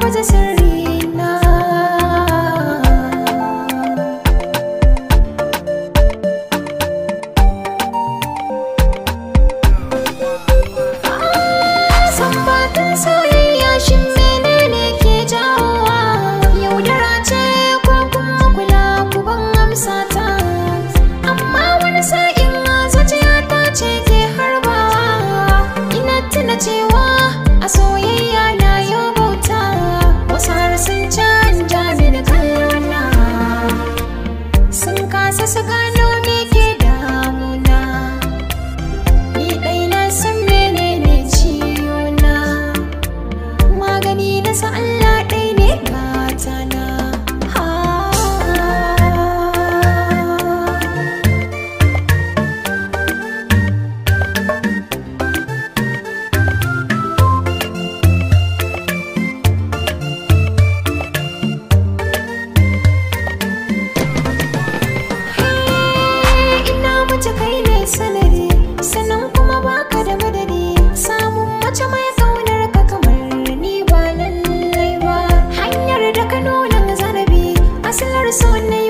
不在心里。सगाना सोने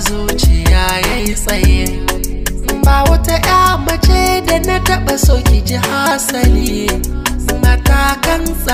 zuciya ya yi tsaye ba wata ya mace da na taɓa so ki ji hasali matakan tsaye